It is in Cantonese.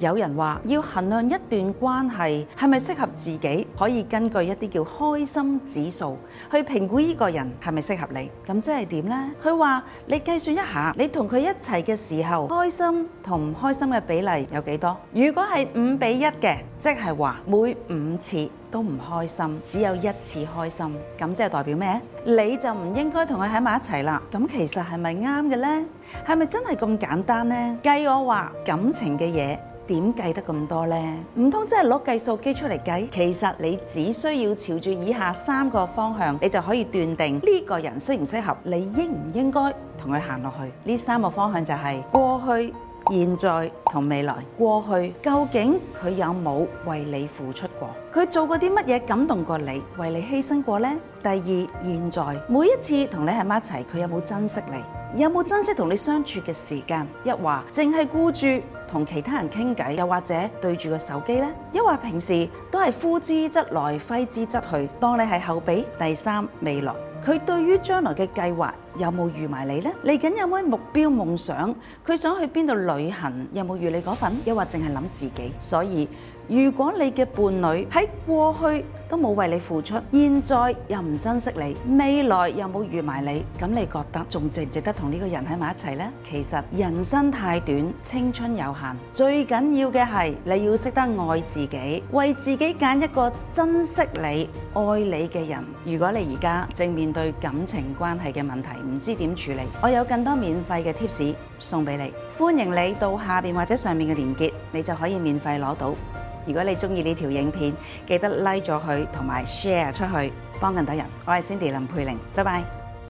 有人話要衡量一段關係係咪適合自己，可以根據一啲叫開心指數去評估呢個人係咪適合你。咁即係點呢？佢話你計算一下，你同佢一齊嘅時候，開心同唔開心嘅比例有幾多？如果係五比一嘅，即係話每五次都唔開心，只有一次開心，咁即係代表咩？你就唔應該同佢喺埋一齊啦。咁其實係咪啱嘅呢？係咪真係咁簡單呢？計我話感情嘅嘢。點計得咁多呢？唔通真係攞計數機出嚟計？其實你只需要朝住以下三個方向，你就可以斷定呢個人適唔適合你，應唔應該同佢行落去？呢三個方向就係過去、現在同未來。過去究竟佢有冇為你付出過？佢做過啲乜嘢感動過你？為你犧牲過呢？第二，現在每一次同你喺埋一齊，佢有冇珍惜你？有冇珍惜同你相處嘅時間？一話淨係顧住。同其他人傾偈，又或者對住個手機呢，又或平時都係呼之則來，揮之則去。當你係後備，第三，未來，佢對於將來嘅計劃有冇預埋你呢？嚟緊有咩目標、夢想？佢想去邊度旅行？有冇預你嗰份？又或淨係諗自己？所以。如果你嘅伴侶喺過去都冇為你付出，現在又唔珍惜你，未來又冇預埋你，咁你覺得仲值唔值得同呢個人喺埋一齊呢？其實人生太短，青春有限，最緊要嘅係你要識得愛自己，為自己揀一個珍惜你、愛你嘅人。如果你而家正面對感情關係嘅問題，唔知點處理，我有更多免費嘅貼士送俾你，歡迎你到下面或者上面嘅連結，你就可以免費攞到。如果你中意呢條影片，記得 like 咗佢同埋 share 出去，幫更多人。我係 Cindy 林佩玲，拜拜。